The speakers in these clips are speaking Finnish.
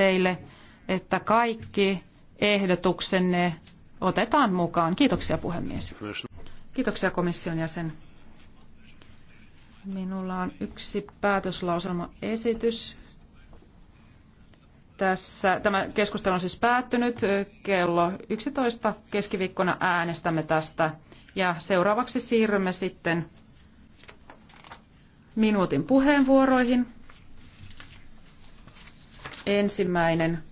teille, että kaikki ehdotuksenne otetaan mukaan. Kiitoksia puhemies. Kiitoksia komission jäsen. Minulla on yksi päätöslauselmaesitys. Tässä, tämä keskustelu on siis päättynyt. Kello 11 keskiviikkona äänestämme tästä. Ja seuraavaksi siirrymme sitten minuutin puheenvuoroihin. Ensimmäinen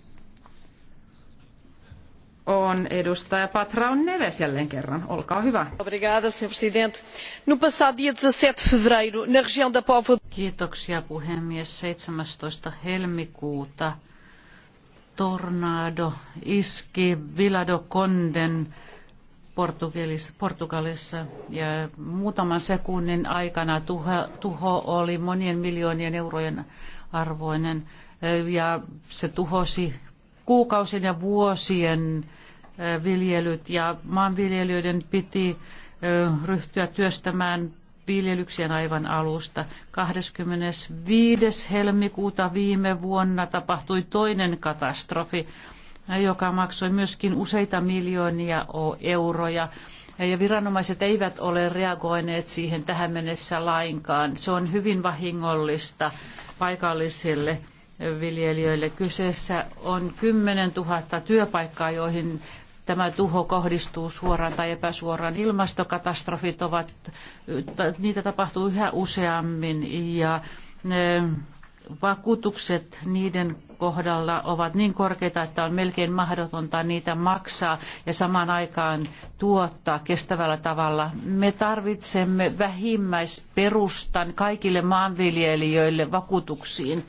on edustaja Patraun Neves jälleen kerran. Olkaa hyvä. Obrigada, senhor presidente. No passado dia 17 fevereiro, na região da Póvoa... Kiitoksia puhemies. 17. helmikuuta tornado iski do Conden Portugalissa ja muutaman sekunnin aikana tuho, tuho oli monien miljoonien eurojen arvoinen ja se tuhosi kuukausien ja vuosien viljelyt ja maanviljelijöiden piti ryhtyä työstämään viljelyksien aivan alusta. 25. helmikuuta viime vuonna tapahtui toinen katastrofi, joka maksoi myöskin useita miljoonia euroja. Ja viranomaiset eivät ole reagoineet siihen tähän mennessä lainkaan. Se on hyvin vahingollista paikallisille viljelijöille. Kyseessä on 10 000 työpaikkaa, joihin tämä tuho kohdistuu suoraan tai epäsuoraan. Ilmastokatastrofit ovat, niitä tapahtuu yhä useammin ja vakuutukset niiden kohdalla ovat niin korkeita, että on melkein mahdotonta niitä maksaa ja samaan aikaan tuottaa kestävällä tavalla. Me tarvitsemme vähimmäisperustan kaikille maanviljelijöille vakuutuksiin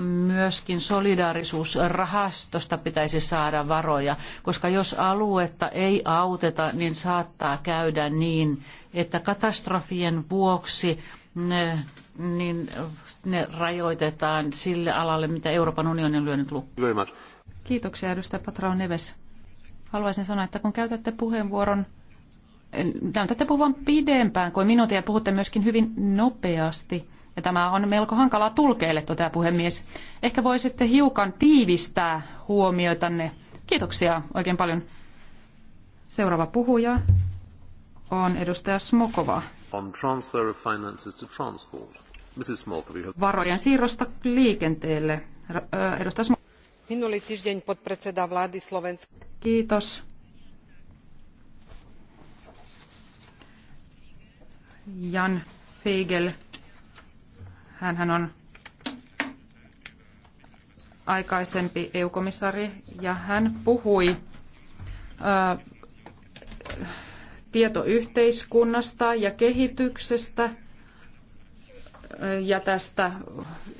myöskin solidaarisuusrahastosta pitäisi saada varoja, koska jos aluetta ei auteta, niin saattaa käydä niin, että katastrofien vuoksi ne, niin ne rajoitetaan sille alalle, mitä Euroopan unioni on lyönyt lukkoon. Kiitoksia edustaja Patrao Neves. Haluaisin sanoa, että kun käytätte puheenvuoron, eh, näytätte puhuvan pidempään kuin minuutin ja puhutte myöskin hyvin nopeasti. Ja tämä on melko hankalaa tulkeille, toteaa puhemies. Ehkä voisitte hiukan tiivistää huomioitanne. Kiitoksia oikein paljon. Seuraava puhuja on edustaja Smokova. On transfer of finances to transport. Mrs. Varojen siirrosta liikenteelle. Edustaja Smokova. Minulý týždeň podpredseda vlády Slovenska. Kiitos. Jan Fegel Hänhän on aikaisempi EU-komissaari ja hän puhui ää, tietoyhteiskunnasta ja kehityksestä ja tästä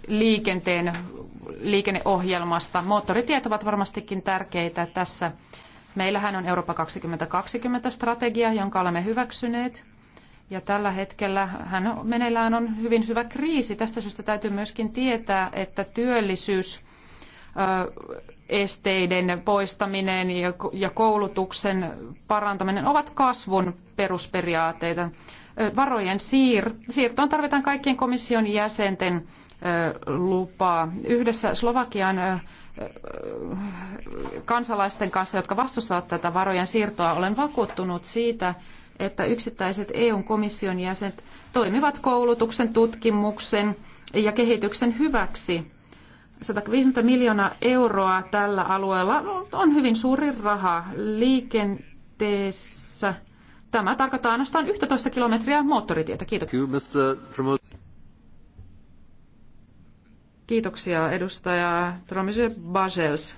liikenteen, liikenneohjelmasta. Moottoritiet ovat varmastikin tärkeitä tässä. Meillähän on Eurooppa 2020 strategia, jonka olemme hyväksyneet. Ja tällä hetkellä hän meneillään on hyvin syvä kriisi. Tästä syystä täytyy myöskin tietää, että työllisyys esteiden poistaminen ja koulutuksen parantaminen ovat kasvun perusperiaatteita. Varojen siirtoon tarvitaan kaikkien komission jäsenten lupaa. Yhdessä Slovakian kansalaisten kanssa, jotka vastustavat tätä varojen siirtoa, olen vakuuttunut siitä, että yksittäiset EUn komission jäsenet toimivat koulutuksen, tutkimuksen ja kehityksen hyväksi. 150 miljoonaa euroa tällä alueella on hyvin suuri raha liikenteessä. Tämä tarkoittaa ainoastaan 11 kilometriä moottoritietä. Kiitoksia. Kiitoksia edustaja Tromise Basels.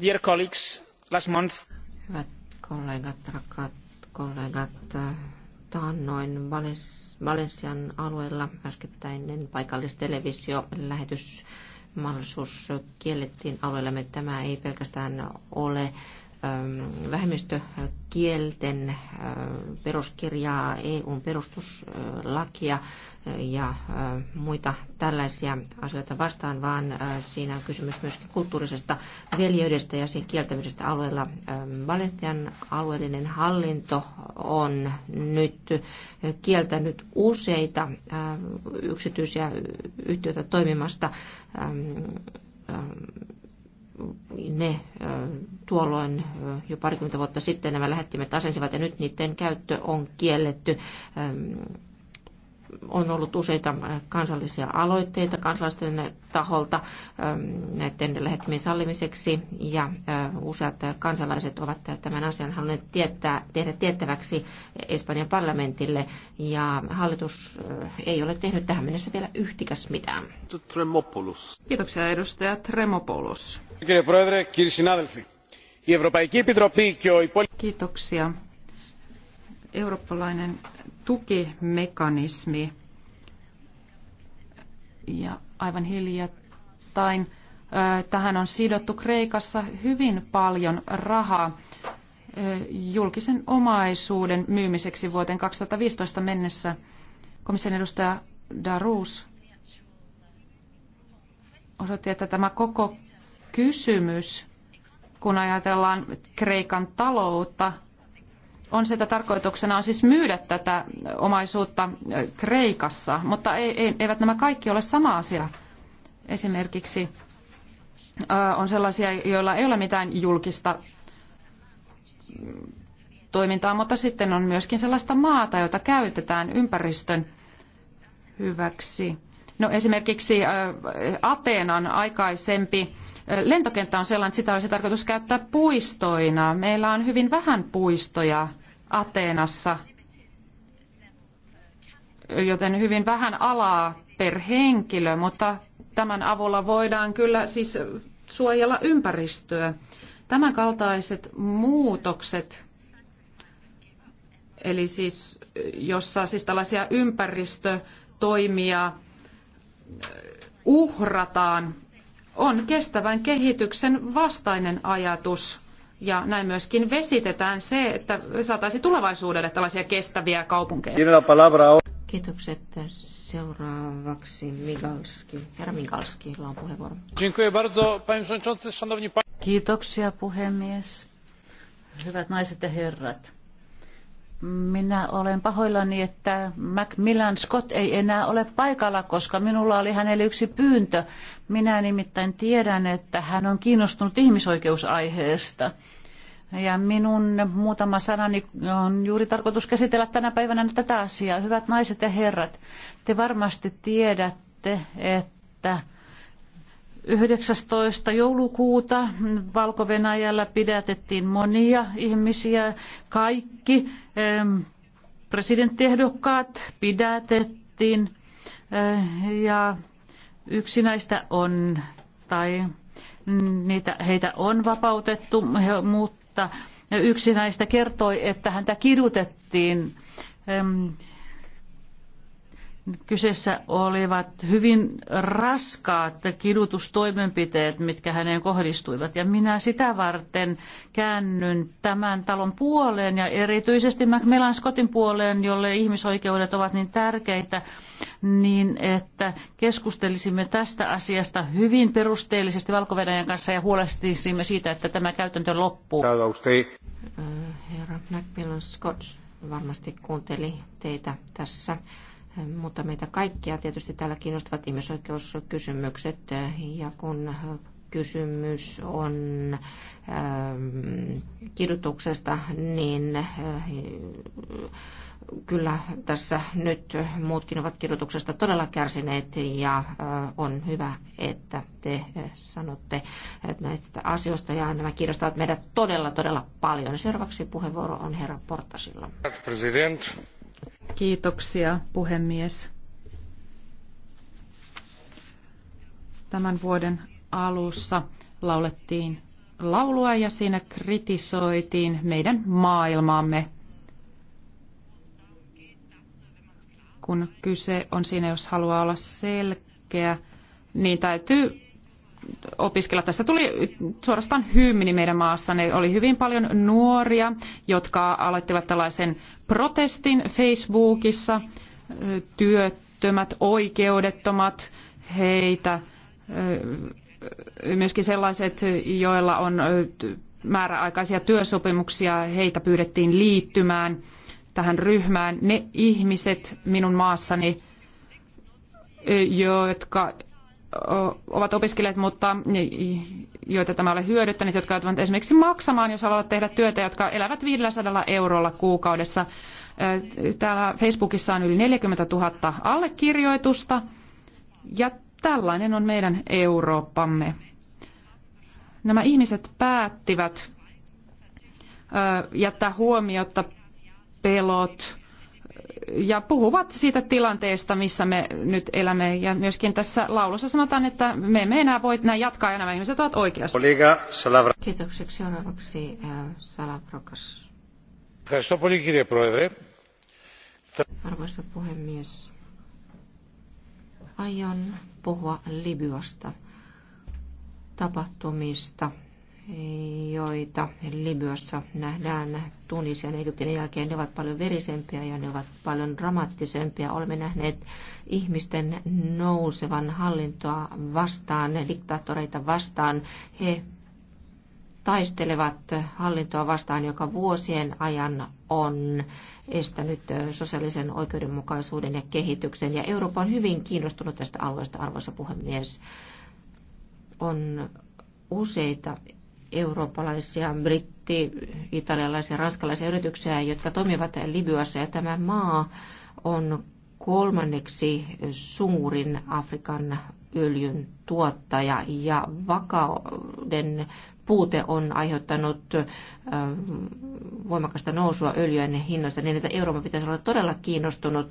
Dear colleagues, last month... Hyvät kollegat, rakkaat kollegat taannoin Valensian alueella äskettäinen paikallistelevisio lähetys mahdollisuus kiellettiin alueellamme. Tämä ei pelkästään ole Ähm, vähemmistökielten äh, peruskirjaa, EUn perustuslakia äh, ja äh, muita tällaisia asioita vastaan, vaan siinä on kysymys myöskin kulttuurisesta veljeydestä ja sen kieltämisestä alueella. Ähm, Valentian alueellinen hallinto on nyt kieltänyt useita yksityisiä yhtiöitä toimimasta ähm, ne tuolloin jo parikymmentä vuotta sitten nämä lähettimet asensivat ja nyt niiden käyttö on kielletty on ollut useita kansallisia aloitteita kansalaisten taholta näiden lähettimien sallimiseksi ja useat kansalaiset ovat tämän asian halunneet tietää, tehdä tiettäväksi Espanjan parlamentille ja hallitus ei ole tehnyt tähän mennessä vielä yhtikäs mitään. Tremopoulos. Kiitoksia edustaja Tremopoulos. Kiitoksia. Eurooppalainen tukimekanismi. Ja aivan hiljattain tähän on sidottu Kreikassa hyvin paljon rahaa julkisen omaisuuden myymiseksi vuoteen 2015 mennessä. Komission edustaja Darus osoitti, että tämä koko kysymys, kun ajatellaan Kreikan taloutta – on se, että tarkoituksena on siis myydä tätä omaisuutta Kreikassa, mutta ei, eivät nämä kaikki ole sama asia. Esimerkiksi on sellaisia, joilla ei ole mitään julkista mm, toimintaa, mutta sitten on myöskin sellaista maata, jota käytetään ympäristön hyväksi. No esimerkiksi Ateenan aikaisempi Lentokenttä on sellainen, että sitä olisi tarkoitus käyttää puistoina. Meillä on hyvin vähän puistoja Ateenassa, joten hyvin vähän alaa per henkilö, mutta tämän avulla voidaan kyllä siis suojella ympäristöä. Tämän kaltaiset muutokset, eli siis jossa siis tällaisia ympäristötoimia uhrataan, on kestävän kehityksen vastainen ajatus. Ja näin myöskin vesitetään se, että saataisiin tulevaisuudelle tällaisia kestäviä kaupunkeja. Kiitokset. Seuraavaksi Migalski. Herra Migalski, on puheenvuoro. Kiitoksia puhemies. Hyvät naiset ja herrat. Minä olen pahoillani, että Macmillan Scott ei enää ole paikalla, koska minulla oli hänelle yksi pyyntö. Minä nimittäin tiedän, että hän on kiinnostunut ihmisoikeusaiheesta. Ja minun muutama sanani on juuri tarkoitus käsitellä tänä päivänä tätä asiaa. Hyvät naiset ja herrat, te varmasti tiedätte, että 19. joulukuuta Valko-Venäjällä pidätettiin monia ihmisiä. Kaikki presidenttiehdokkaat pidätettiin eh, ja yksi näistä on tai niitä, heitä on vapautettu, mutta yksi näistä kertoi, että häntä kidutettiin Kyseessä olivat hyvin raskaat kidutustoimenpiteet, mitkä häneen kohdistuivat. Ja minä sitä varten käännyn tämän talon puoleen ja erityisesti Macmillan Scottin puoleen, jolle ihmisoikeudet ovat niin tärkeitä, niin että keskustelisimme tästä asiasta hyvin perusteellisesti valko kanssa ja huolehtisimme siitä, että tämä käytäntö loppuu. Herra Macmillan Scott varmasti kuunteli teitä tässä mutta meitä kaikkia tietysti täällä kiinnostavat ihmisoikeuskysymykset. Ja kun kysymys on kidutuksesta, niin eh, kyllä tässä nyt muutkin ovat kidutuksesta todella kärsineet ja eh, on hyvä, että te eh, sanotte näistä asioista ja nämä kiinnostavat meidät todella, todella paljon. Seuraavaksi puheenvuoro on herra Portasilla. President. Kiitoksia, puhemies. Tämän vuoden alussa laulettiin laulua ja siinä kritisoitiin meidän maailmaamme. Kun kyse on siinä, jos haluaa olla selkeä, niin täytyy opiskella. Tästä tuli suorastaan hymni meidän maassa. Ne oli hyvin paljon nuoria, jotka aloittivat tällaisen protestin Facebookissa. Työttömät, oikeudettomat, heitä myöskin sellaiset, joilla on määräaikaisia työsopimuksia, heitä pyydettiin liittymään tähän ryhmään. Ne ihmiset minun maassani, jotka ovat opiskelijat, mutta joita tämä ole hyödyttänyt, jotka joutuvat esimerkiksi maksamaan, jos haluavat tehdä työtä, jotka elävät 500 eurolla kuukaudessa. Täällä Facebookissa on yli 40 000 allekirjoitusta ja tällainen on meidän Eurooppamme. Nämä ihmiset päättivät jättää huomiotta pelot, ja puhuvat siitä tilanteesta, missä me nyt elämme. Ja myöskin tässä laulussa sanotaan, että me emme enää voi näin jatkaa ja nämä ihmiset ovat oikeassa. Kiitokseksi. Seuraavaksi äh, Salavrokas. Arvoisa puhemies, aion puhua Libyasta, tapahtumista – joita Libyassa nähdään Tunisian ja Egyptin jälkeen, ne ovat paljon verisempiä ja ne ovat paljon dramaattisempia. Olemme nähneet ihmisten nousevan hallintoa vastaan, diktaattoreita vastaan. He taistelevat hallintoa vastaan, joka vuosien ajan on estänyt sosiaalisen oikeudenmukaisuuden ja kehityksen. Ja Eurooppa on hyvin kiinnostunut tästä alueesta, arvoisa puhemies. On useita eurooppalaisia, britti, italialaisia, ranskalaisia yrityksiä, jotka toimivat Libyassa. Ja tämä maa on kolmanneksi suurin Afrikan öljyn tuottaja ja vakauden puute on aiheuttanut voimakasta nousua öljyn hinnoista niin, että Eurooppa pitäisi olla todella kiinnostunut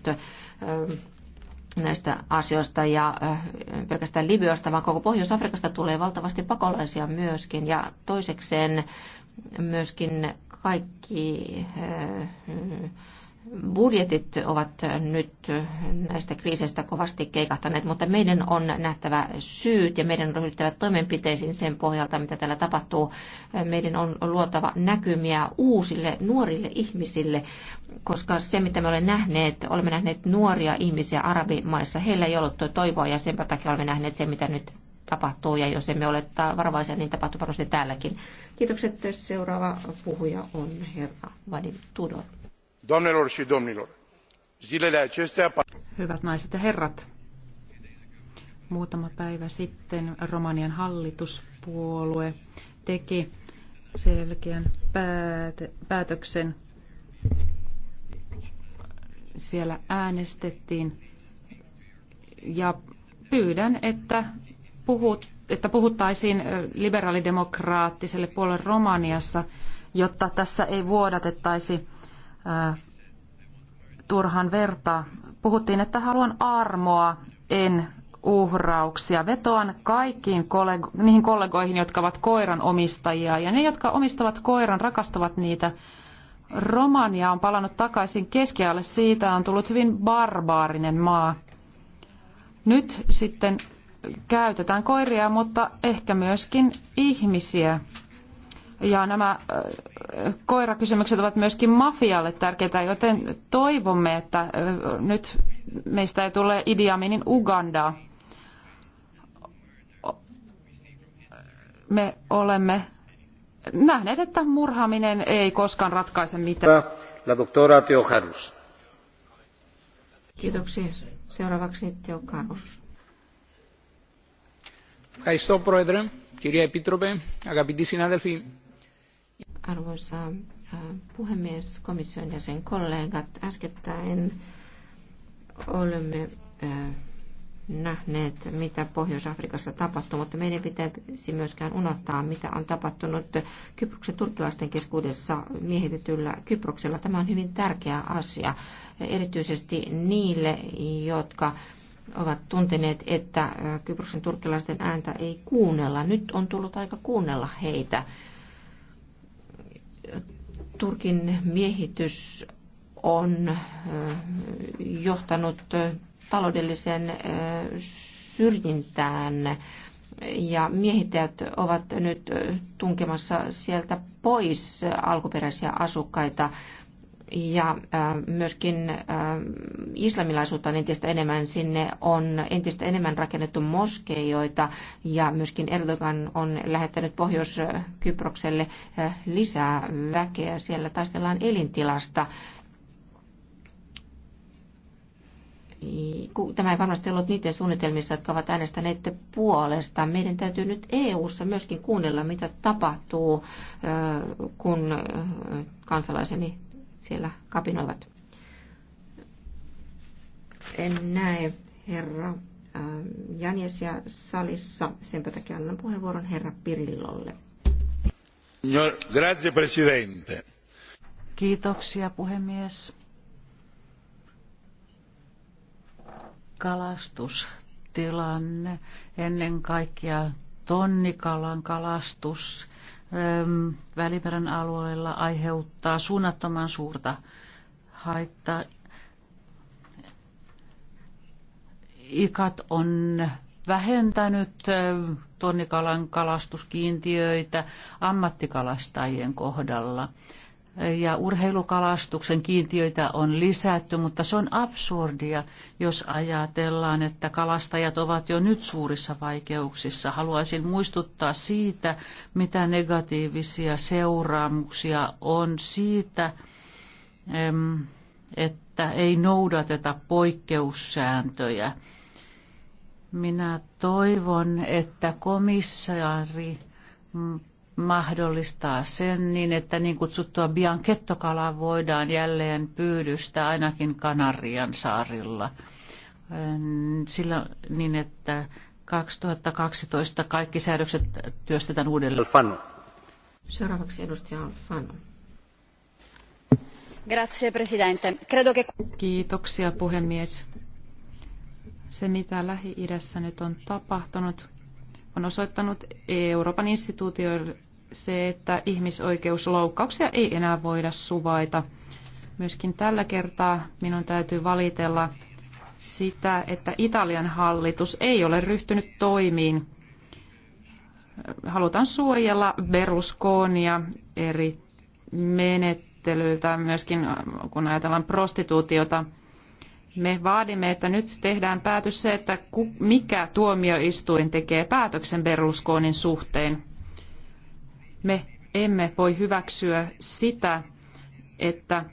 näistä asioista ja pelkästään Libyasta, vaan koko Pohjois-Afrikasta tulee valtavasti pakolaisia myöskin. Ja toisekseen myöskin kaikki budjetit ovat nyt näistä kriiseistä kovasti keikahtaneet, mutta meidän on nähtävä syyt ja meidän on ryhdyttävä toimenpiteisiin sen pohjalta, mitä täällä tapahtuu. Meidän on luotava näkymiä uusille nuorille ihmisille, koska se, mitä me olemme nähneet, olemme nähneet nuoria ihmisiä arabimaissa. Heillä ei ollut toivoa ja sen takia olemme nähneet sen, mitä nyt tapahtuu. Ja jos emme ole varovaisia, niin tapahtuu varmasti täälläkin. Kiitokset. Seuraava puhuja on herra Vadim Tudor. Doamnelor și domnilor, zilele acestea... Hyvät naiset ja herrat, muutama päivä sitten Romanian hallituspuolue teki selkeän päätöksen. Siellä äänestettiin ja pyydän, että, puhut, että puhuttaisiin liberaalidemokraattiselle puolelle Romaniassa, jotta tässä ei vuodatettaisi turhan verta. Puhuttiin, että haluan armoa, en uhrauksia. Vetoan kaikkiin kollego- niihin kollegoihin, jotka ovat koiran omistajia. Ja ne, jotka omistavat koiran, rakastavat niitä. Romania on palannut takaisin keskiajalle. Siitä on tullut hyvin barbaarinen maa. Nyt sitten käytetään koiria, mutta ehkä myöskin ihmisiä. Ja nämä äh, koirakysymykset ovat myöskin mafialle tärkeitä, joten toivomme, että äh, nyt meistä ei tule Idi Aminin Ugandaa. Me olemme nähneet, että murhaaminen ei koskaan ratkaise mitään. La doctora Teoharus. Kiitoksia. Seuraavaksi Teoharus. Ευχαριστώ, Πρόεδρε, κυρία Επίτροπε, αγαπητοί συνάδελφοι. Arvoisa puhemies, komission jäsen kollegat, äskettäin olemme nähneet, mitä Pohjois-Afrikassa tapahtuu, mutta meidän pitäisi myöskään unohtaa, mitä on tapahtunut Kyproksen turkilaisten keskuudessa miehitetyllä Kyproksella. Tämä on hyvin tärkeä asia, erityisesti niille, jotka ovat tunteneet, että Kyproksen turkkilaisten ääntä ei kuunnella. Nyt on tullut aika kuunnella heitä. Turkin miehitys on johtanut taloudelliseen syrjintään ja miehittäjät ovat nyt tunkemassa sieltä pois alkuperäisiä asukkaita ja myöskin islamilaisuutta on entistä enemmän. Sinne on entistä enemmän rakennettu moskeijoita ja myöskin Erdogan on lähettänyt Pohjois-Kyprokselle lisää väkeä. Siellä taistellaan elintilasta. Tämä ei varmasti ollut niiden suunnitelmissa, jotka ovat äänestäneet puolesta. Meidän täytyy nyt EU-ssa myöskin kuunnella, mitä tapahtuu, kun kansalaiseni siellä kapinoivat. En näe herra Janjesia salissa, sen takia annan puheenvuoron herra Pirillolle. No, grazie, presidente. Kiitoksia, puhemies. Kalastustilanne, ennen kaikkea tonnikalan kalastus Välimeren alueella aiheuttaa suunnattoman suurta haittaa. Ikat on vähentänyt tonnikalan kalastuskiintiöitä ammattikalastajien kohdalla ja urheilukalastuksen kiintiöitä on lisätty, mutta se on absurdia, jos ajatellaan, että kalastajat ovat jo nyt suurissa vaikeuksissa. Haluaisin muistuttaa siitä, mitä negatiivisia seuraamuksia on siitä, että ei noudateta poikkeussääntöjä. Minä toivon, että komissaari mahdollistaa sen niin, että niin kutsuttua biankettokalaa voidaan jälleen pyydystää ainakin Kanarian saarilla. Sillä niin, että 2012 kaikki säädökset työstetään uudelleen. Alfano. Seuraavaksi edustaja Alfano. Grazie, presidente. Credo che... Kiitoksia, puhemies. Se, mitä Lähi-idässä nyt on tapahtunut, on osoittanut Euroopan instituutioille se, että ihmisoikeusloukkauksia ei enää voida suvaita. Myöskin tällä kertaa minun täytyy valitella sitä, että Italian hallitus ei ole ryhtynyt toimiin. Halutaan suojella Berlusconia eri menettelyiltä, myöskin kun ajatellaan prostituutiota – me vaadimme, että nyt tehdään päätös se, että mikä tuomioistuin tekee päätöksen Berlusconin suhteen. Me emme voi hyväksyä sitä, että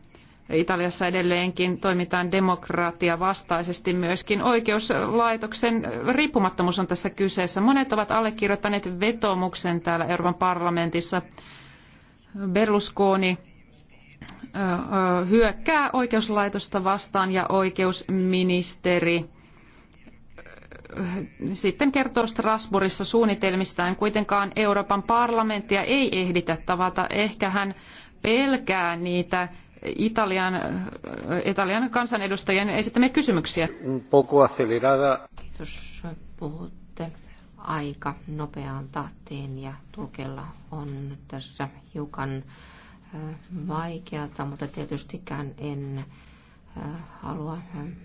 Italiassa edelleenkin toimitaan demokratia vastaisesti. Myöskin oikeuslaitoksen riippumattomuus on tässä kyseessä. Monet ovat allekirjoittaneet vetomuksen täällä Euroopan parlamentissa. Berlusconi hyökkää oikeuslaitosta vastaan ja oikeusministeri sitten kertoo Strasbourgissa suunnitelmistaan. Kuitenkaan Euroopan parlamenttia ei ehditä tavata. Ehkä hän pelkää niitä Italian, Italian kansanedustajien esittämiä kysymyksiä. Un poco acelerada. Kiitos. Puhutte aika nopeaan tahtiin ja tukella on tässä hiukan vaikeata, mutta tietystikään en halua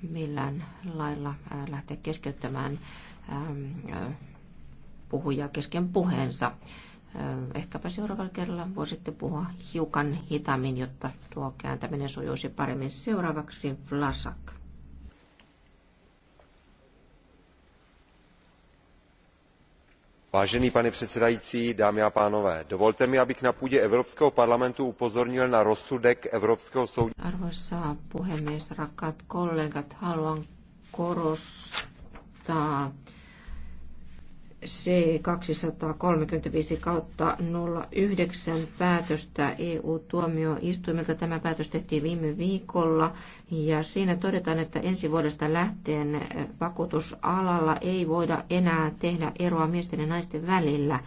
millään lailla lähteä keskeyttämään puhuja kesken puheensa. Ehkäpä seuraavalla kerralla voisitte puhua hiukan hitaammin, jotta tuo kääntäminen sujuisi paremmin. Seuraavaksi Vlasak. vážený pane předsedající dámy a pánové dovolte mi abych na půdě evropského parlamentu upozornil na rozsudek evropského soudního dvora. arvoisa puhemies rakkaat kollegat C235 kautta 09 päätöstä EU-tuomioistuimelta. Tämä päätös tehtiin viime viikolla ja siinä todetaan, että ensi vuodesta lähtien vakuutusalalla ei voida enää tehdä eroa miesten ja naisten välillä.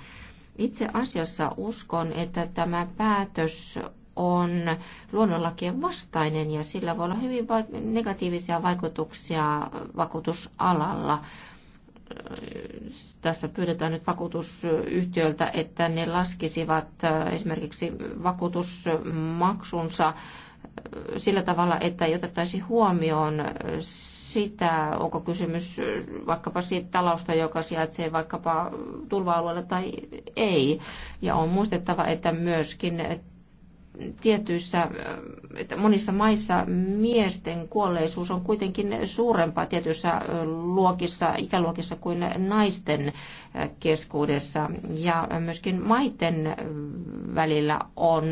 Itse asiassa uskon, että tämä päätös on luonnonlakien vastainen ja sillä voi olla hyvin negatiivisia vaikutuksia vakuutusalalla tässä pyydetään nyt vakuutusyhtiöltä, että ne laskisivat äh, esimerkiksi vakuutusmaksunsa äh, sillä tavalla, että ei otettaisi huomioon sitä, onko kysymys vaikkapa siitä talosta, joka sijaitsee vaikkapa tulva-alueella tai ei. Ja on muistettava, että myöskin tietyissä, että monissa maissa miesten kuolleisuus on kuitenkin suurempaa tietyissä luokissa, ikäluokissa kuin naisten keskuudessa. Ja myöskin maiden välillä on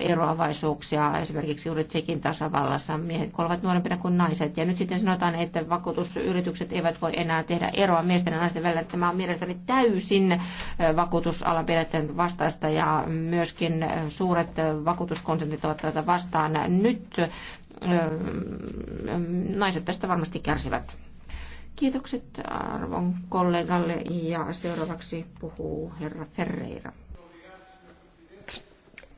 eroavaisuuksia. Esimerkiksi juuri Tsekin tasavallassa miehet kuolevat nuorempina kuin naiset. Ja nyt sitten sanotaan, että vakuutusyritykset eivät voi enää tehdä eroa miesten ja naisten välillä. Tämä on mielestäni täysin vakuutusalan periaatteen vastaista ja myöskin suuret vakuutuskonsernit ovat tätä vastaan. Nyt naiset tästä varmasti kärsivät. Kiitokset arvon kollegalle ja seuraavaksi puhuu herra Ferreira.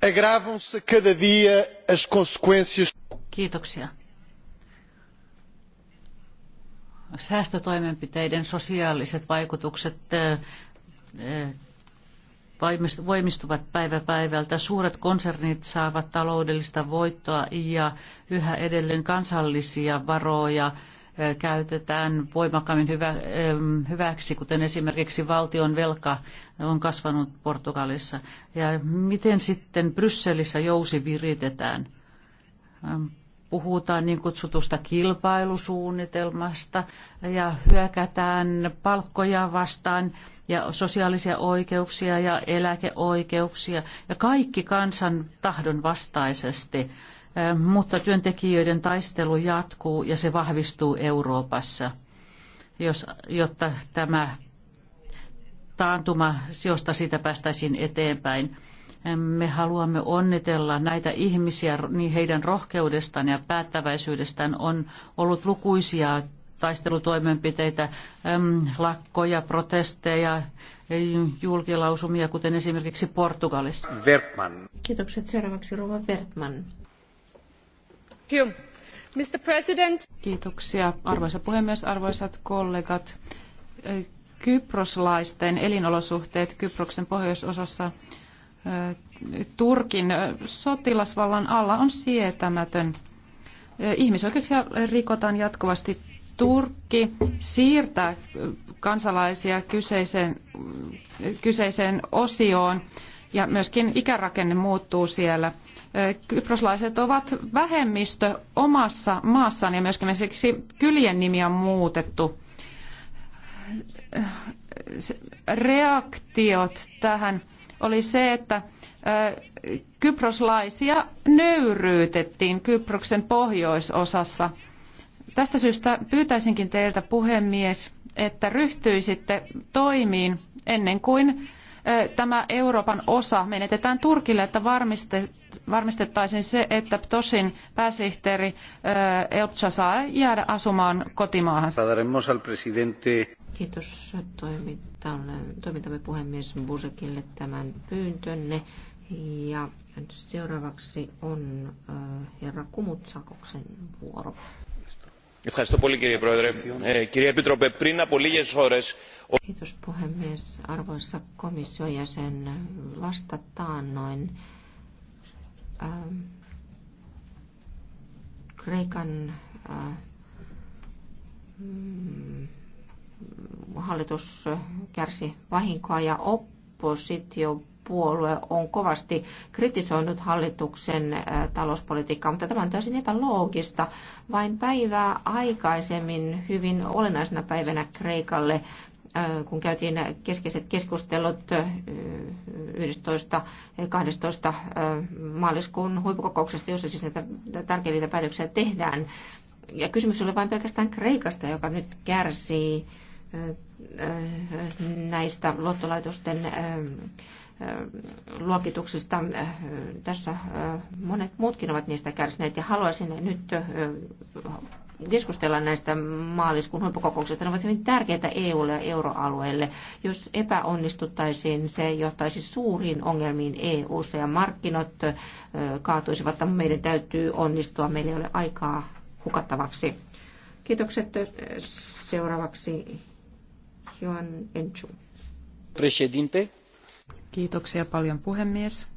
Agravam-se cada dia as consequências. Kiitoksia. Säästötoimenpiteiden sosiaaliset vaikutukset voimistuvat päivä päivältä. Suuret konsernit saavat taloudellista voittoa ja yhä edelleen kansallisia varoja käytetään voimakkaammin hyvä, hyväksi, kuten esimerkiksi valtion velka on kasvanut Portugalissa. Ja miten sitten Brysselissä jousi viritetään? Puhutaan niin kutsutusta kilpailusuunnitelmasta ja hyökätään palkkoja vastaan ja sosiaalisia oikeuksia ja eläkeoikeuksia ja kaikki kansan tahdon vastaisesti mutta työntekijöiden taistelu jatkuu ja se vahvistuu Euroopassa, jos, jotta tämä taantuma, josta siitä päästäisiin eteenpäin. Me haluamme onnitella näitä ihmisiä, niin heidän rohkeudestaan ja päättäväisyydestään on ollut lukuisia taistelutoimenpiteitä, lakkoja, protesteja, julkilausumia, kuten esimerkiksi Portugalissa. Vertman. Kiitokset. Seuraavaksi Rova Vertman. Mr. President. Kiitoksia arvoisa puhemies, arvoisat kollegat. Kyproslaisten elinolosuhteet Kyproksen pohjoisosassa Turkin sotilasvallan alla on sietämätön. Ihmisoikeuksia rikotaan jatkuvasti. Turkki siirtää kansalaisia kyseiseen, kyseiseen osioon ja myöskin ikärakenne muuttuu siellä – kyproslaiset ovat vähemmistö omassa maassaan ja myöskin esimerkiksi kylien nimiä on muutettu. Reaktiot tähän oli se, että kyproslaisia nöyryytettiin Kyproksen pohjoisosassa. Tästä syystä pyytäisinkin teiltä puhemies, että ryhtyisitte toimiin ennen kuin tämä Euroopan osa menetetään Turkille, että varmistettaisiin se, että Ptosin pääsihteeri Elpsa saa jäädä asumaan kotimaahansa. Kiitos toimintamme puhemies Busekille tämän pyyntönne. Ja seuraavaksi on herra Kumutsakoksen vuoro. Kiitos puhemies. Kirja Pitrope, Prinna Kiitos puhemies. Arvoisa komission jäsen, vasta taannoin ähm, Kreikan äh, mm, hallitus kärsi vahinkoa ja oppositio Puolue on kovasti kritisoinut hallituksen talouspolitiikkaa, mutta tämä on täysin epäloogista. Vain päivää aikaisemmin, hyvin olennaisena päivänä Kreikalle, kun käytiin keskeiset keskustelut 11. 12. maaliskuun huippukokouksesta, jossa siis näitä tärkeitä päätöksiä tehdään. Ja kysymys oli vain pelkästään Kreikasta, joka nyt kärsii näistä luottolaitosten luokituksista. Tässä monet muutkin ovat niistä kärsineet ja haluaisin nyt keskustella näistä maaliskuun huippukokouksista. Ne ovat hyvin tärkeitä EUlle ja euroalueelle. Jos epäonnistuttaisiin, se johtaisi suuriin ongelmiin EUssa ja markkinat kaatuisivat, mutta meidän täytyy onnistua. Meillä ei ole aikaa hukattavaksi. Kiitokset. Seuraavaksi Joan Enchu. Presidente, Kiitoksia paljon puhemies.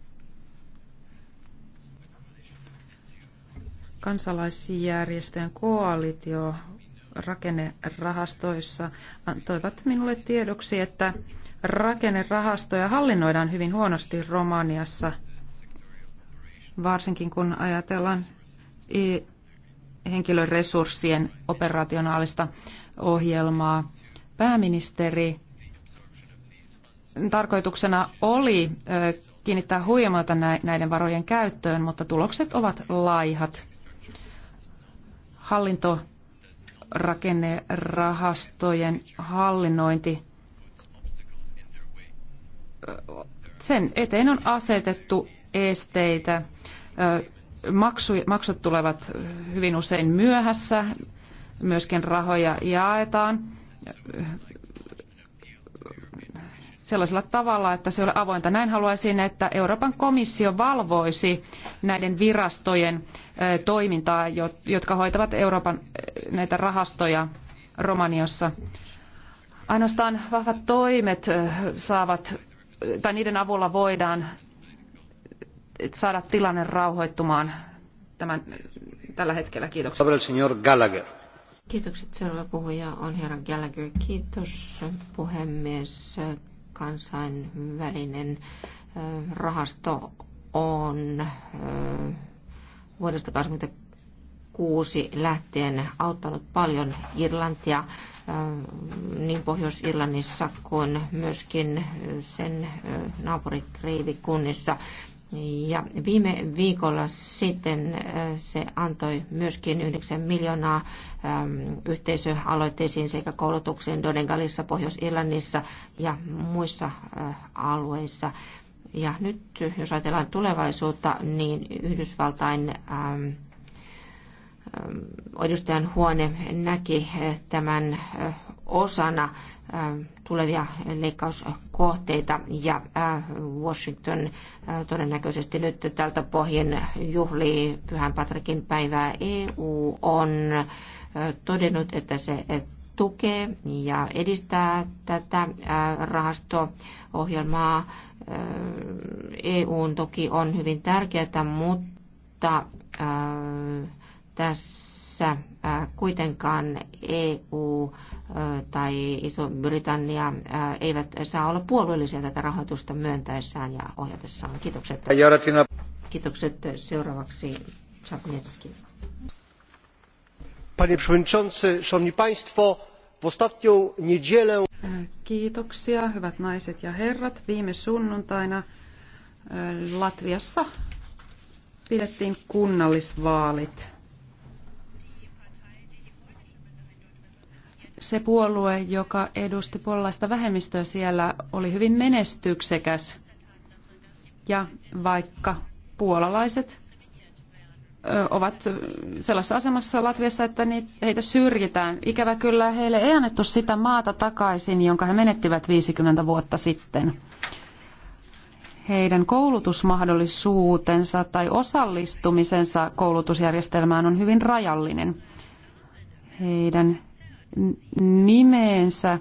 Kansalaisjärjestöjen koalitio rakennerahastoissa antoivat minulle tiedoksi, että rakennerahastoja hallinnoidaan hyvin huonosti Romaniassa, varsinkin kun ajatellaan henkilöresurssien operationaalista ohjelmaa. Pääministeri tarkoituksena oli kiinnittää huomiota näiden varojen käyttöön, mutta tulokset ovat laihat. Hallintorakennerahastojen hallinnointi, sen eteen on asetettu esteitä. maksut tulevat hyvin usein myöhässä, myöskin rahoja jaetaan sellaisella tavalla, että se ei avointa. Näin haluaisin, että Euroopan komissio valvoisi näiden virastojen toimintaa, jotka hoitavat Euroopan näitä rahastoja Romaniassa. Ainoastaan vahvat toimet saavat, tai niiden avulla voidaan saada tilanne rauhoittumaan tämän, tällä hetkellä. Kiitoksia. Kiitokset. Seuraava puhuja on herra Gallagher. Kiitos puhemies kansainvälinen rahasto on vuodesta 1986 lähtien auttanut paljon Irlantia niin Pohjois-Irlannissa kuin myöskin sen naapurikriivikunnissa. Ja viime viikolla sitten äh, se antoi myöskin 9 miljoonaa ähm, yhteisöaloitteisiin sekä koulutukseen Donegalissa, Pohjois-Irlannissa ja muissa äh, alueissa. Ja nyt jos ajatellaan tulevaisuutta, niin Yhdysvaltain ähm, ähm, edustajan huone näki äh, tämän osana äh, tulevia leikkauskohteita ja äh, Washington äh, todennäköisesti nyt tältä pohjin juhli Pyhän Patrikin päivää. EU on todennut, että se tukee ja edistää tätä rahasto-ohjelmaa. EU toki on hyvin tärkeää, mutta tässä kuitenkaan EU tai Iso-Britannia eivät saa olla puolueellisia tätä rahoitusta myöntäessään ja ohjatessaan. Kiitokset. Kiitokset. Seuraavaksi Czapniecki. Panie przewodniczący, szanowni państwo, w ostatnią niedzielę... Kiitoksia, hyvät naiset ja herrat. Viime sunnuntaina Latviassa pidettiin kunnallisvaalit. se puolue, joka edusti puolalaista vähemmistöä siellä, oli hyvin menestyksekäs. Ja vaikka puolalaiset ovat sellaisessa asemassa Latviassa, että heitä syrjitään. Ikävä kyllä heille ei annettu sitä maata takaisin, jonka he menettivät 50 vuotta sitten. Heidän koulutusmahdollisuutensa tai osallistumisensa koulutusjärjestelmään on hyvin rajallinen. Heidän nimeensä. Äh,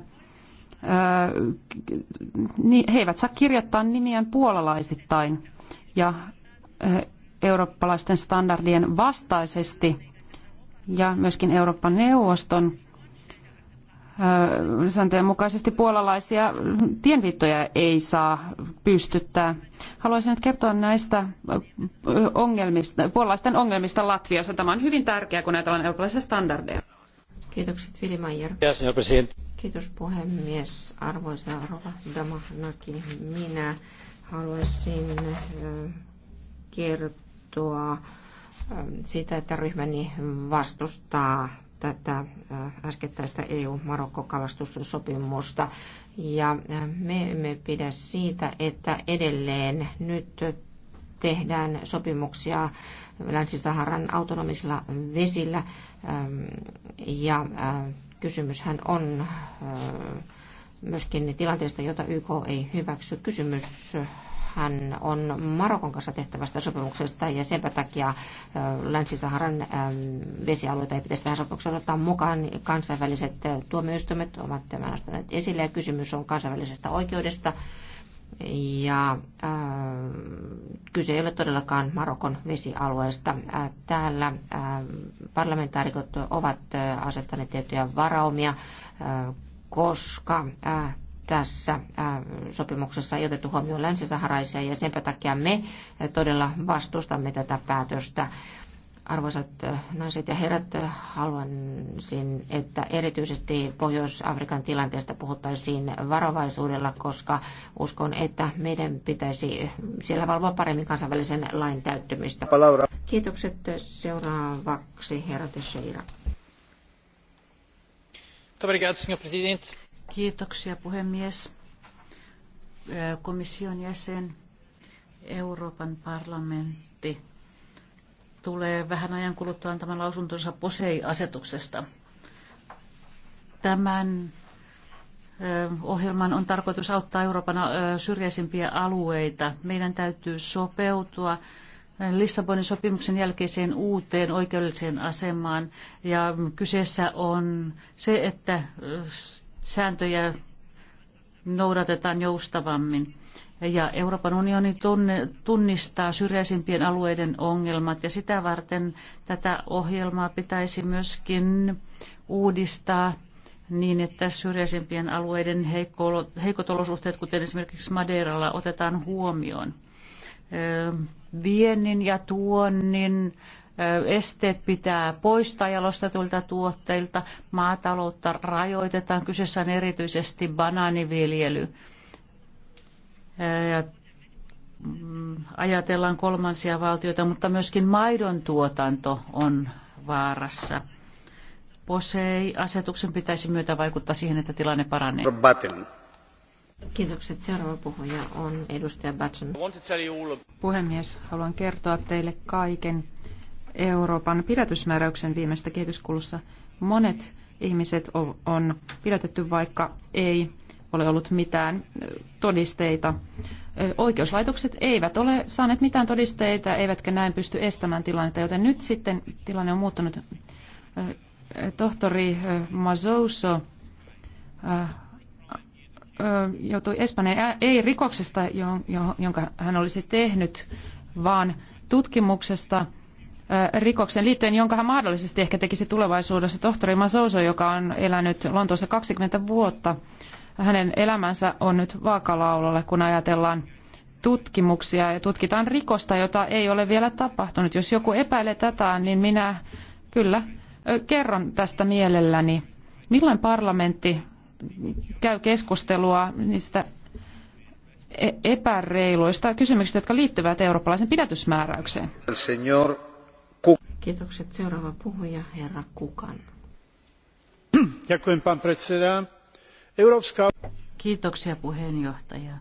he eivät saa kirjoittaa nimiään puolalaisittain ja äh, eurooppalaisten standardien vastaisesti ja myöskin Euroopan neuvoston äh, sääntöjen mukaisesti puolalaisia tienviittoja ei saa pystyttää. Haluaisin nyt kertoa näistä ongelmista, puolalaisten ongelmista Latviassa. Tämä on hyvin tärkeää, kun ajatellaan eurooppalaisia standardeja. Kiitokset Vili Maier. Kiitos puhemies. Arvoisa Rova Damahnaki, minä haluaisin kertoa sitä, että ryhmäni vastustaa tätä äskettäistä EU-Marokko-kalastussopimusta. Ja me emme pidä siitä, että edelleen nyt tehdään sopimuksia Länsi-Saharan autonomisilla vesillä. Ähm, ja äh, kysymyshän on äh, myöskin tilanteesta, jota YK ei hyväksy. Kysymys hän on Marokon kanssa tehtävästä sopimuksesta ja sen takia äh, Länsi-Saharan ähm, vesialueita ei pitäisi tähän sopimukseen ottaa mukaan. Kansainväliset tuomioistuimet ovat tämän nostaneet esille ja kysymys on kansainvälisestä oikeudesta ja äh, kyse ei ole todellakaan Marokon vesialueesta. Äh, täällä äh, parlamentaarikot ovat äh, asettaneet tiettyjä varaumia, äh, koska äh, tässä äh, sopimuksessa ei otettu huomioon länsisaharaisia ja senpä takia me äh, todella vastustamme tätä päätöstä. Arvoisat äh, naiset ja herrat, äh, haluaisin, että erityisesti Pohjois-Afrikan tilanteesta puhuttaisiin varovaisuudella, koska uskon, että meidän pitäisi siellä valvoa paremmin kansainvälisen lain täyttymistä. Palaura. Kiitokset seuraavaksi, herra Teixeira. Kiitoksia puhemies. Äh, komission jäsen, Euroopan parlamentti tulee vähän ajan kuluttua tämän lausuntonsa POSEI-asetuksesta. Tämän ohjelman on tarkoitus auttaa Euroopan syrjäisimpiä alueita. Meidän täytyy sopeutua Lissabonin sopimuksen jälkeiseen uuteen oikeudelliseen asemaan. Ja kyseessä on se, että sääntöjä noudatetaan joustavammin ja Euroopan unioni tunnistaa syrjäisimpien alueiden ongelmat ja sitä varten tätä ohjelmaa pitäisi myöskin uudistaa niin, että syrjäisimpien alueiden heikot olosuhteet, kuten esimerkiksi Madeiralla, otetaan huomioon. Viennin ja tuonnin esteet pitää poistaa jalostetuilta tuotteilta, maataloutta rajoitetaan, kyseessä on erityisesti banaaniviljely ja ajatellaan kolmansia valtioita, mutta myöskin maidon tuotanto on vaarassa. POSEI-asetuksen pitäisi myötä vaikuttaa siihen, että tilanne paranee. Kiitokset. Seuraava puhuja on edustaja Batson. Puhemies, haluan kertoa teille kaiken Euroopan pidätysmääräyksen viimeistä kehityskulussa. Monet ihmiset on pidätetty, vaikka ei ole ollut mitään todisteita. Oikeuslaitokset eivät ole saaneet mitään todisteita, eivätkä näin pysty estämään tilannetta, joten nyt sitten tilanne on muuttunut. Tohtori Mazouso joutui Espanjan ei rikoksesta, jonka hän olisi tehnyt, vaan tutkimuksesta rikoksen liittyen, jonka hän mahdollisesti ehkä tekisi tulevaisuudessa. Tohtori Masouso, joka on elänyt Lontoossa 20 vuotta, hänen elämänsä on nyt vaakalaulalle, kun ajatellaan tutkimuksia ja tutkitaan rikosta, jota ei ole vielä tapahtunut. Jos joku epäilee tätä, niin minä kyllä kerron tästä mielelläni. Milloin parlamentti käy keskustelua niistä e- epäreiluista kysymyksistä, jotka liittyvät eurooppalaisen pidätysmääräykseen? Senior Kiitokset. Seuraava puhuja, herra Kukan. Ďakujem, pán Europska... Kiitoksia puheenjohtaja.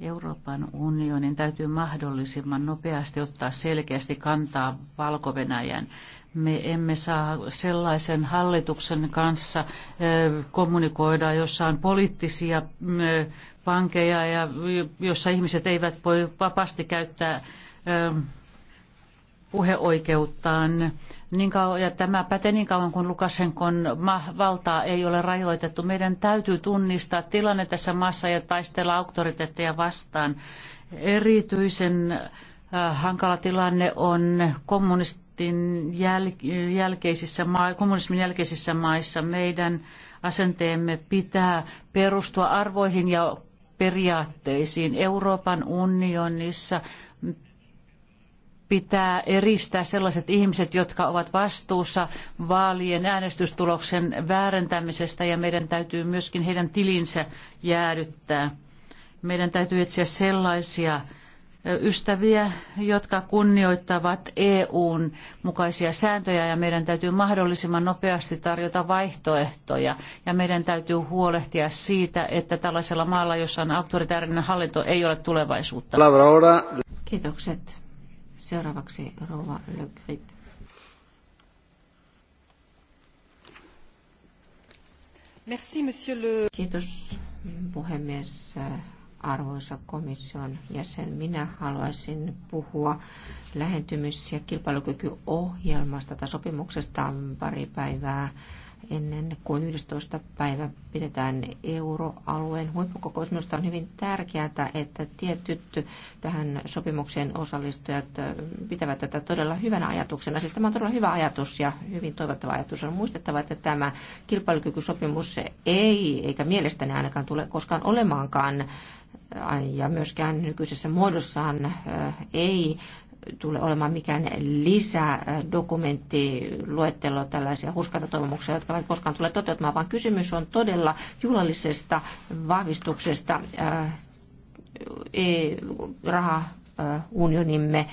Euroopan unionin täytyy mahdollisimman nopeasti ottaa selkeästi kantaa valko -Venäjän. Me emme saa sellaisen hallituksen kanssa kommunikoida, jossa on poliittisia pankeja ja jossa ihmiset eivät voi vapaasti käyttää puheoikeuttaan. Niin kauan, ja tämä pätee niin kauan, kun Lukashenkon valtaa ei ole rajoitettu. Meidän täytyy tunnistaa tilanne tässä maassa ja taistella auktoriteetteja vastaan. Erityisen äh, hankala tilanne on kommunistin jäl- jälkeisissä kommunismin jälkeisissä maissa. Meidän asenteemme pitää perustua arvoihin ja periaatteisiin. Euroopan unionissa pitää eristää sellaiset ihmiset, jotka ovat vastuussa vaalien äänestystuloksen väärentämisestä ja meidän täytyy myöskin heidän tilinsä jäädyttää. Meidän täytyy etsiä sellaisia ystäviä, jotka kunnioittavat EUn mukaisia sääntöjä ja meidän täytyy mahdollisimman nopeasti tarjota vaihtoehtoja ja meidän täytyy huolehtia siitä, että tällaisella maalla, jossa on autoritäärinen hallinto, ei ole tulevaisuutta. Kiitokset. Seuraavaksi Rova Le Grip. Merci, monsieur le... Kiitos puhemies arvoisa komission jäsen. Minä haluaisin puhua lähentymis- ja kilpailukykyohjelmasta tai sopimuksesta pari päivää ennen kuin 11. päivä pidetään euroalueen huippukokous. Minusta on hyvin tärkeää, että tietyt tähän sopimukseen osallistujat pitävät tätä todella hyvänä ajatuksena. Siis tämä on todella hyvä ajatus ja hyvin toivottava ajatus. On muistettava, että tämä kilpailukykysopimus ei, eikä mielestäni ainakaan tule koskaan olemaankaan ja myöskään nykyisessä muodossaan ei tule olemaan mikään lisädokumentti, luettelo tällaisia toivomuksia, jotka eivät koskaan tule toteutumaan, vaan kysymys on todella juhlallisesta vahvistuksesta äh, e, raha äh, unionimme äh,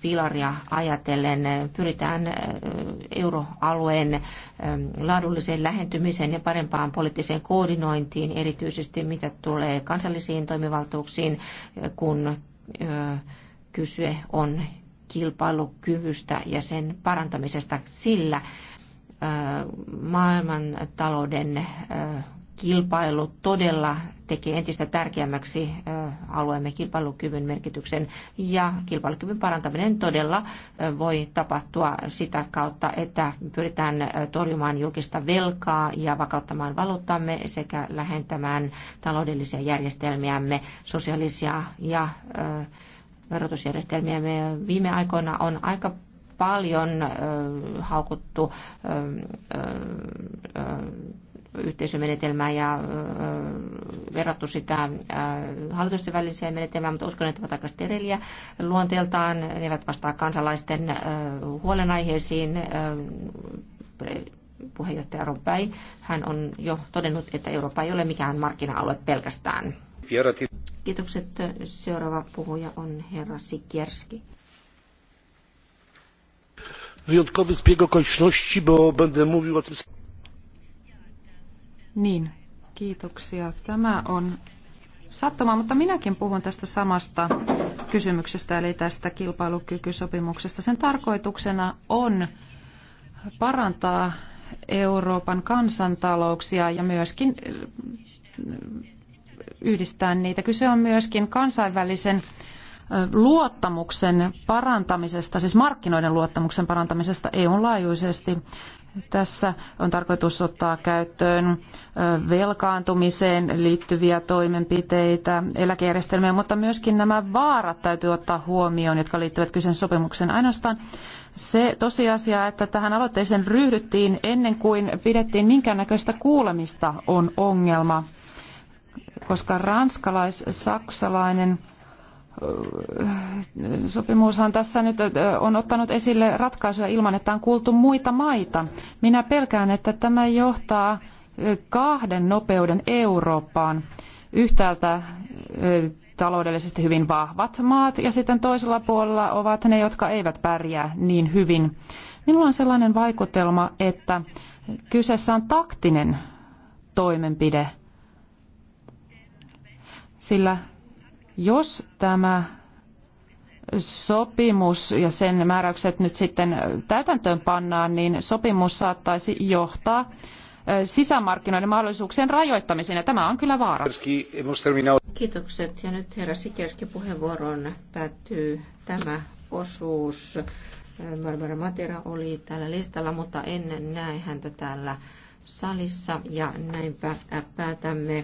pilaria ajatellen pyritään euroalueen laadulliseen lähentymiseen ja parempaan poliittiseen koordinointiin, erityisesti mitä tulee kansallisiin toimivaltuuksiin, kun kyse on kilpailukyvystä ja sen parantamisesta, sillä maailmantalouden kilpailu todella tekee entistä tärkeämmäksi alueemme kilpailukyvyn merkityksen ja kilpailukyvyn parantaminen todella voi tapahtua sitä kautta, että pyritään torjumaan julkista velkaa ja vakauttamaan valuuttamme sekä lähentämään taloudellisia järjestelmiämme, sosiaalisia ja verotusjärjestelmiä. Me viime aikoina on aika paljon haukuttu yhteisömenetelmää ja verrattu sitä hallitusten väliseen menetelmään, mutta uskon, että ovat aika steriliä luonteeltaan. Ne eivät vastaa kansalaisten huolenaiheisiin puheenjohtaja Rompäi. Hän on jo todennut, että Eurooppa ei ole mikään markkina-alue pelkästään. Kiitokset. Seuraava puhuja on herra Sikierski. Wyjątkowy zbieg okoliczności, bo będę mówił o tym... Niin, kiitoksia. Tämä on sattuma, mutta minäkin puhun tästä samasta kysymyksestä, eli tästä kilpailukykysopimuksesta. Sen tarkoituksena on parantaa Euroopan kansantalouksia ja myöskin yhdistää niitä. Kyse on myöskin kansainvälisen luottamuksen parantamisesta, siis markkinoiden luottamuksen parantamisesta EUn laajuisesti. Tässä on tarkoitus ottaa käyttöön velkaantumiseen liittyviä toimenpiteitä, eläkejärjestelmiä, mutta myöskin nämä vaarat täytyy ottaa huomioon, jotka liittyvät kyseisen sopimuksen Ainoastaan se tosiasia, että tähän aloitteeseen ryhdyttiin ennen kuin pidettiin minkäännäköistä kuulemista, on ongelma koska ranskalais-saksalainen sopimushan tässä nyt on ottanut esille ratkaisuja ilman, että on kuultu muita maita. Minä pelkään, että tämä johtaa kahden nopeuden Eurooppaan. Yhtäältä taloudellisesti hyvin vahvat maat ja sitten toisella puolella ovat ne, jotka eivät pärjää niin hyvin. Minulla on sellainen vaikutelma, että kyseessä on taktinen toimenpide – sillä jos tämä sopimus ja sen määräykset nyt sitten täytäntöön pannaan, niin sopimus saattaisi johtaa sisämarkkinoiden mahdollisuuksien rajoittamiseen, ja tämä on kyllä vaara. Kiitokset, ja nyt herra Sikerski puheenvuoroon päättyy tämä osuus. Barbara Matera oli täällä listalla, mutta en näe häntä täällä salissa, ja näinpä päätämme